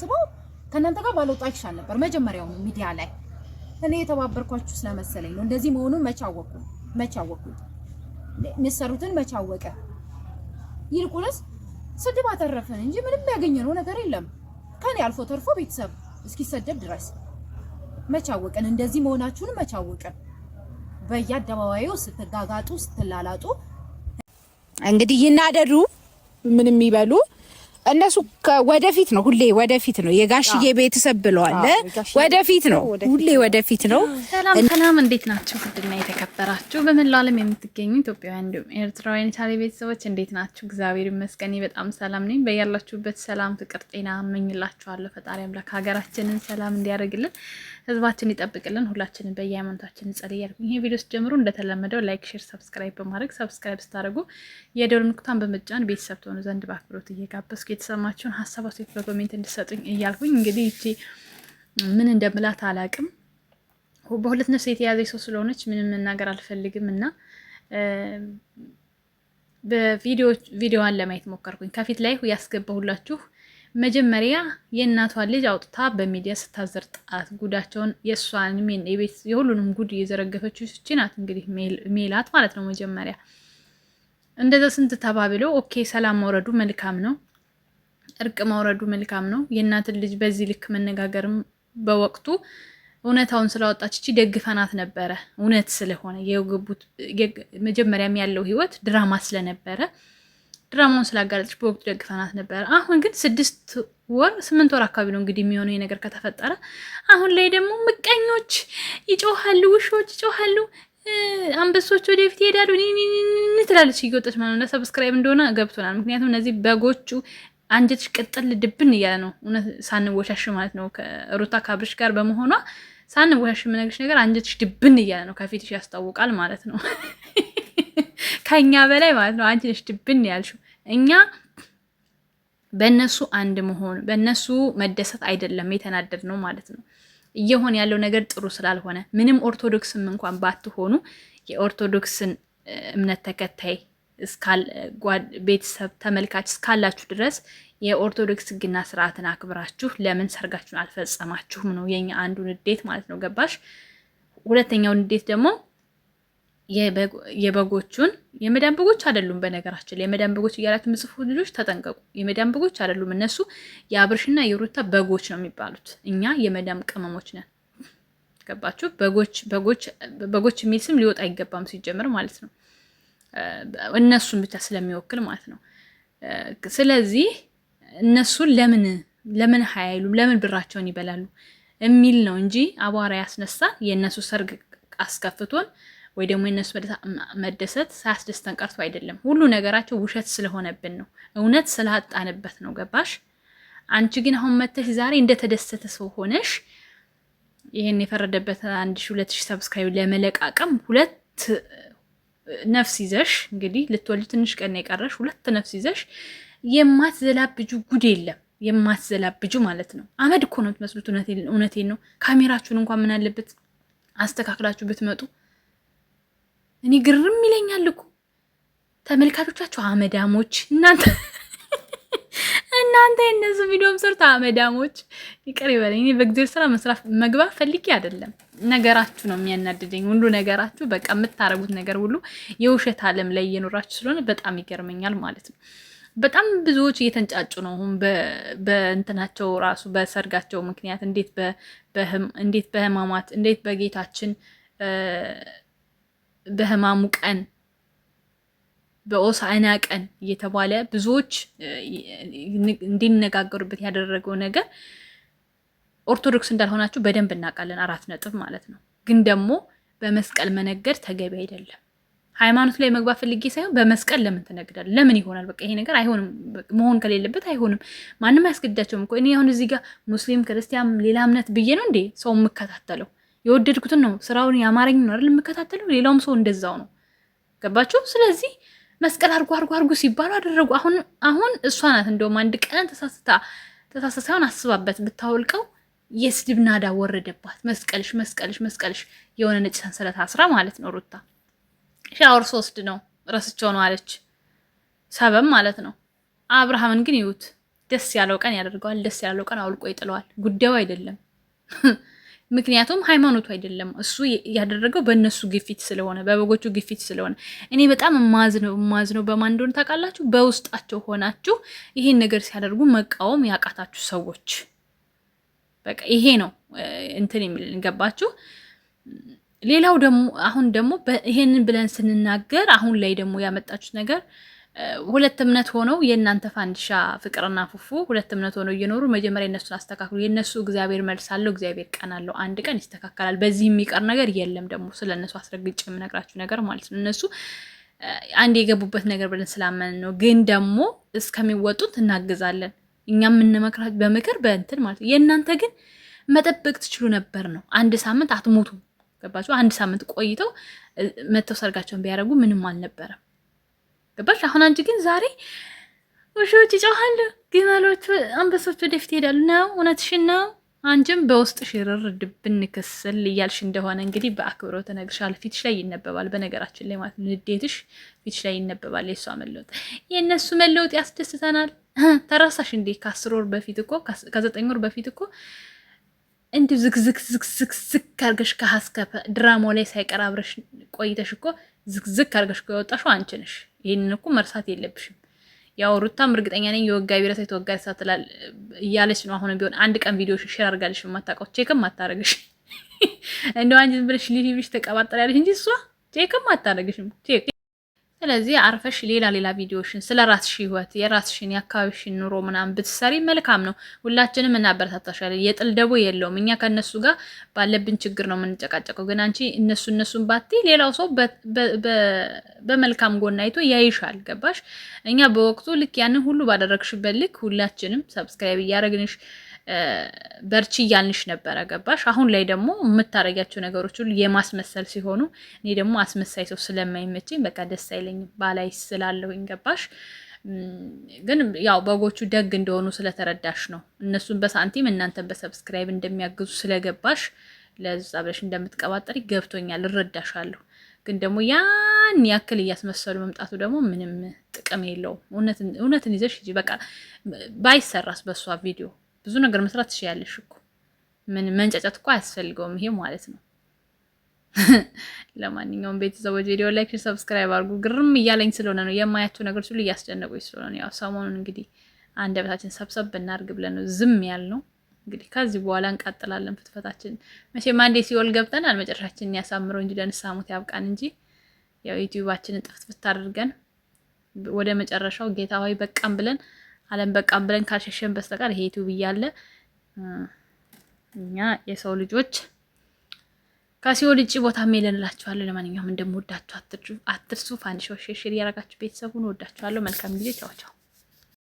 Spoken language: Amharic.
ሳስበው ከእናንተ ጋር ባለውጣ ይሻል ነበር። መጀመሪያው ሚዲያ ላይ እኔ የተባበርኳችሁ ስለመሰለኝ ነው። እንደዚህ መሆኑን መቻወቁ መቻወቁ የሚሰሩትን መቻወቀ ይልቁንስ ስድብ አተረፈን እንጂ ምንም ያገኘነው ነገር የለም። ከኔ አልፎ ተርፎ ቤተሰብ እስኪሰደብ ድረስ መቻወቅን እንደዚህ መሆናችሁን መቻወቅን በየአደባባዩ ስትጋጋጡ ስትላላጡ እንግዲህ ይናደዱ ምንም ይበሉ። እነሱ ወደፊት ነው፣ ሁሌ ወደፊት ነው። የጋሽዬ ቤተሰብ ብለዋል። ወደፊት ነው፣ ሁሌ ወደፊት ነው። ሰላም ሰላም፣ እንዴት ናችሁ? ውድና የተከበራችሁ በመላው ዓለም የምትገኙ ኢትዮጵያውያን እንዲሁም ኤርትራውያን የቻሌ ቤተሰቦች እንዴት ናችሁ? እግዚአብሔር ይመስገን በጣም ሰላም ነኝ። በያላችሁበት ሰላም፣ ፍቅር፣ ጤና እመኝላችኋለሁ። ፈጣሪ አምላክ ሀገራችንን ሰላም እንዲያደርግልን፣ ህዝባችን ይጠብቅልን። ሁላችንን በየሃይማኖታችን እንጸልይ እያልኩኝ ይሄ ቪዲዮ ጀምሮ እንደተለመደው ላይክ፣ ሼር፣ ሰብስክራይብ በማድረግ ሰብስክራይብ ስታደርጉ የደወል ምልክቷን በመጫን ቤተሰብ ትሆኑ ዘንድ በአክብሮት እየጋበዝኩ የተሰማችሁን ሀሳብ አስተያየት በኮሜንት እንድሰጡኝ እያልኩኝ እንግዲህ እቺ ምን እንደምላት አላቅም። በሁለት ነፍስ የተያዘች ሰው ስለሆነች ምንም መናገር አልፈልግም እና በቪዲዮዋን ለማየት ሞከርኩኝ። ከፊት ላይ ያስገባሁላችሁ መጀመሪያ የእናቷን ልጅ አውጥታ በሚዲያ ስታዘርጣት ጉዳቸውን የእሷን የቤት የሁሉንም ጉድ እየዘረገፈችው ስቺ ናት እንግዲህ ሜላት ማለት ነው። መጀመሪያ እንደዛ ስንት ተባብለው ኦኬ ሰላም መውረዱ መልካም ነው። እርቅ ማውረዱ መልካም ነው። የእናትን ልጅ በዚህ ልክ መነጋገርም በወቅቱ እውነታውን ስላወጣች እቺ ደግፈናት ነበረ። እውነት ስለሆነ የገቡት መጀመሪያም ያለው ህይወት ድራማ ስለነበረ ድራማውን ስላጋለጠች በወቅቱ ደግፈናት ነበረ። አሁን ግን ስድስት ወር ስምንት ወር አካባቢ ነው እንግዲህ የሚሆነው የነገር ከተፈጠረ። አሁን ላይ ደግሞ ምቀኞች ይጮሃሉ፣ ውሾች ይጮሃሉ፣ አንበሶች ወደፊት ይሄዳሉ ትላለች እየወጠች ማለት ሰብስክራይብ እንደሆነ ገብቶናል። ምክንያቱም እነዚህ በጎቹ አንጀትሽ ቅጥል ድብን እያለ ነው። እውነት ሳንወሻሽ ማለት ነው። ሩታ ካብርሽ ጋር በመሆኗ ሳንወሻሽ የምነግርሽ ነገር አንጀትሽ ድብን እያለ ነው። ከፊትሽ ያስታውቃል ማለት ነው። ከእኛ በላይ ማለት ነው። አንቺ ነሽ ድብን ያልሽው። እኛ በእነሱ አንድ መሆን በእነሱ መደሰት አይደለም የተናደድ ነው ማለት ነው። እየሆን ያለው ነገር ጥሩ ስላልሆነ ምንም ኦርቶዶክስም እንኳን ባትሆኑ የኦርቶዶክስን እምነት ተከታይ ቤተሰብ ተመልካች እስካላችሁ ድረስ የኦርቶዶክስ ሕግና ስርዓትን አክብራችሁ ለምን ሰርጋችሁን አልፈጸማችሁም ነው የኛ አንዱ ንዴት ማለት ነው። ገባሽ? ሁለተኛው ንዴት ደግሞ የበጎቹን የመዳን በጎች አይደሉም። በነገራችን ላይ የመዳን በጎች እያላችሁ ምጽፉ ልጆች ተጠንቀቁ። የመዳን በጎች አይደሉም እነሱ የአብርሽና የሩታ በጎች ነው የሚባሉት። እኛ የመዳም ቅመሞች ነን። ገባችሁ? በጎች በጎች የሚል ስም ሊወጣ አይገባም ሲጀምር ማለት ነው። እነሱን ብቻ ስለሚወክል ማለት ነው። ስለዚህ እነሱን ለምን ለምን ሀያይሉም ለምን ብራቸውን ይበላሉ የሚል ነው እንጂ አቧራ ያስነሳን የእነሱ ሰርግ አስከፍቶን ወይ ደግሞ የእነሱ መደሰት ሳያስደስተን ቀርቶ አይደለም። ሁሉ ነገራቸው ውሸት ስለሆነብን ነው፣ እውነት ስላጣንበት ነው። ገባሽ? አንቺ ግን አሁን መተሽ ዛሬ እንደተደሰተ ሰው ሆነሽ ይህን የፈረደበት አንድ ሺ ሁለት ሺ ሰብስክራይብ ለመለቃቀም ሁለት ነፍስ ይዘሽ እንግዲህ ልትወልድ ትንሽ ቀን የቀረሽ ሁለት ነፍስ ይዘሽ የማትዘላብጁ ጉድ የለም። የማትዘላብጁ ማለት ነው። አመድ እኮ ነው የምትመስሉት። እውነቴን ነው። ካሜራችሁን እንኳን ምን አለበት አስተካክላችሁ ብትመጡ። እኔ ግርም ይለኛል እኮ ተመልካቾቻችሁ አመዳሞች እናንተ እናንተ የእነዚህ ቪዲዮም ሰርታ አመዳሞች ይቅር ይበለኝ። እኔ ስራ መስራት መግባት ፈልጌ አይደለም። ነገራችሁ ነው የሚያናድደኝ፣ ሁሉ ነገራችሁ። በቃ የምታረጉት ነገር ሁሉ የውሸት አለም ላይ እየኖራችሁ ስለሆነ በጣም ይገርመኛል ማለት ነው። በጣም ብዙዎች እየተንጫጩ ነው አሁን በእንትናቸው ራሱ በሰርጋቸው ምክንያት እንዴት በህማማት እንዴት በጌታችን በህማሙ ቀን በኦሳዕና ቀን እየተባለ ብዙዎች እንዲነጋገሩበት ያደረገው ነገር ኦርቶዶክስ እንዳልሆናችሁ በደንብ እናውቃለን። አራት ነጥብ ማለት ነው። ግን ደግሞ በመስቀል መነገድ ተገቢ አይደለም። ሃይማኖት ላይ መግባት ፈልጌ ሳይሆን በመስቀል ለምን ትነግዳል? ለምን ይሆናል? በቃ ይሄ ነገር አይሆንም። መሆን ከሌለበት አይሆንም። ማንም አያስገድዳቸውም እኮ እኔ አሁን እዚህ ጋር ሙስሊም፣ ክርስቲያን፣ ሌላ እምነት ብዬ ነው እንዴ ሰው የምከታተለው? የወደድኩትን ነው ስራውን፣ የአማረኝ ነው አይደል የምከታተለው። ሌላውም ሰው እንደዛው ነው። ገባችሁ? ስለዚህ መስቀል አርጎ አርጎ አርጎ ሲባሉ አደረጉ። አሁን አሁን እሷ ናት እንደውም አንድ ቀን ተሳስታ ተሳስታ ሳይሆን አስባበት ብታወልቀው የስድብ ናዳ ወረደባት። መስቀልሽ መስቀልሽ መስቀልሽ የሆነ ነጭ ሰንሰለት አስራ ማለት ነው። ሩታ ሻወር ሶስት ነው ረስቸው ነው አለች። ሰበም ማለት ነው። አብርሃምን ግን ይዩት። ደስ ያለው ቀን ያደርገዋል፣ ደስ ያለው ቀን አውልቆ ይጥለዋል። ጉዳዩ አይደለም። ምክንያቱም ሃይማኖቱ አይደለም እሱ ያደረገው በእነሱ ግፊት ስለሆነ በበጎቹ ግፊት ስለሆነ። እኔ በጣም ማዝነው ማዝነው በማን እንደሆነ ታውቃላችሁ? በውስጣቸው ሆናችሁ ይሄን ነገር ሲያደርጉ መቃወም ያቃታችሁ ሰዎች በቃ ይሄ ነው እንትን የሚልን ገባችሁ። ሌላው ደግሞ አሁን ደግሞ ይሄንን ብለን ስንናገር አሁን ላይ ደግሞ ያመጣችሁት ነገር ሁለት እምነት ሆነው የእናንተ ፋንዲሻ ፍቅርና ፉፉ ሁለት እምነት ሆነው እየኖሩ መጀመሪያ የነሱን አስተካክሉ። የእነሱ እግዚአብሔር መልስ አለው፣ እግዚአብሔር ቀን አለው። አንድ ቀን ይስተካከላል። በዚህ የሚቀር ነገር የለም። ደግሞ ስለ እነሱ አስረግጬ የምነግራችሁ ነገር ማለት ነው እነሱ አንድ የገቡበት ነገር ብለን ስላመንን ነው። ግን ደግሞ እስከሚወጡት እናግዛለን። እኛ የምንመክራችሁ በምክር በእንትን ማለት ነው። የእናንተ ግን መጠበቅ ትችሉ ነበር ነው። አንድ ሳምንት አትሞቱም። ገባችሁ? አንድ ሳምንት ቆይተው መተው ሰርጋቸውን ቢያደርጉ ምንም አልነበረም። ገባሽ? አሁን አንቺ ግን ዛሬ ውሾች ይጮኻሉ፣ ግመሎች፣ አንበሶች ወደፊት ይሄዳሉ። ነው እውነትሽን ነው። አንቺም በውስጥ ሽርር ድብን ክስል እያልሽ እንደሆነ እንግዲህ በአክብሮ እነግርሻለሁ። ፊትሽ ላይ ይነበባል፣ በነገራችን ላይ ማለት ንዴትሽ ፊትሽ ላይ ይነበባል። የእሷ መለወጥ የእነሱ መለወጥ ያስደስተናል። ተራሳሽ እንዴ? ከአስር ወር በፊት እኮ ከዘጠኝ ወር በፊት እኮ እንዲሁ ዝግዝግ ዝግዝግ አድርገሽ ከሀስከፈ ድራማ ላይ ሳይቀር አብረሽ ቆይተሽ እኮ ዝክዝክ አድርገሽ ከወጣሽው አንቺ ነሽ። ይህንን እኮ መርሳት የለብሽም። ያው ሩታም እርግጠኛ ነኝ የወጋ ቢረሳ የተወጋ ሳትላል እያለች ነው። አሁን ቢሆን አንድ ቀን ቪዲዮ ሽር አርጋልሽ የማታውቀው ቼክም አታረግሽ። እንደው አንቺ ዝም ብለሽ ሊሽ ተቀባጠር ያለሽ እንጂ እሷ ቼክም አታረግሽም ቼክ ስለዚህ አርፈሽ ሌላ ሌላ ቪዲዮሽን ስለ ራስሽ ህይወት የራስሽን የአካባቢሽን ኑሮ ምናምን ብትሰሪ መልካም ነው። ሁላችንም እናበረታታሻለን። የጥል ደቦ የለውም። እኛ ከእነሱ ጋር ባለብን ችግር ነው የምንጨቃጨቀው። ግን አንቺ እነሱ እነሱን ባቲ ሌላው ሰው በመልካም ጎን አይቶ ያይሻል። ገባሽ? እኛ በወቅቱ ልክ ያንን ሁሉ ባደረግሽበት ልክ ሁላችንም ሰብስክራይብ እያደረግንሽ በርቺ እያልንሽ ነበረ፣ ገባሽ? አሁን ላይ ደግሞ የምታረጊያቸው ነገሮች ሁሉ የማስመሰል ሲሆኑ እኔ ደግሞ አስመሳይ ሰው ስለማይመች በቃ ደስ አይለኝም፣ ባላይ ስላለሁኝ ገባሽ? ግን ያው በጎቹ ደግ እንደሆኑ ስለተረዳሽ ነው። እነሱን በሳንቲም እናንተን በሰብስክራይብ እንደሚያግዙ ስለገባሽ ለዛ ብለሽ እንደምትቀባጠሪ ገብቶኛል፣ እረዳሻለሁ። ግን ደግሞ ያን ያክል እያስመሰሉ መምጣቱ ደግሞ ምንም ጥቅም የለውም። እውነትን ይዘሽ በቃ ባይሰራስ በእሷ ቪዲዮ ብዙ ነገር መስራት ትችያለሽ እኮ ምን መንጫጫት እኮ አያስፈልገውም ይሄ ማለት ነው። ለማንኛውም ቤተሰቦች ቪዲዮ ላይክ፣ ሰብስክራይብ አድርጉ። ግርም እያለኝ ስለሆነ ነው የማያቸው ነገር ሁሉ እያስጨነቁኝ ስለሆነ ነው። ያው ሰሞኑን እንግዲህ አንደበታችን ሰብሰብ ብናርግ ብለን ነው ዝም ያልነው። እንግዲህ ከዚህ በኋላ እንቀጥላለን ፍትፈታችን። መቼም አንዴ ሲወል ገብተናል መጨረሻችንን ያሳምረው እንጂ ለንስሐ ያብቃን እንጂ ያው ዩቲዩባችንን ጥፍትፍት አድርገን ወደ መጨረሻው ጌታ ሆይ በቃም ብለን አለም በቃም ብለን ካልሸሸን በስተቀር ይሄ ዩቲዩብ እያለ እኛ የሰው ልጆች ከሲኦል ውጭ ቦታ ሜለን እላችኋለሁ። ለማንኛውም እንደምወዳችሁ አትርሱ። ፋንዲሽ ሼር እያደረጋችሁ ቤተሰቡን ወዳችኋለሁ። መልካም ጊዜ። ቻው ቻው።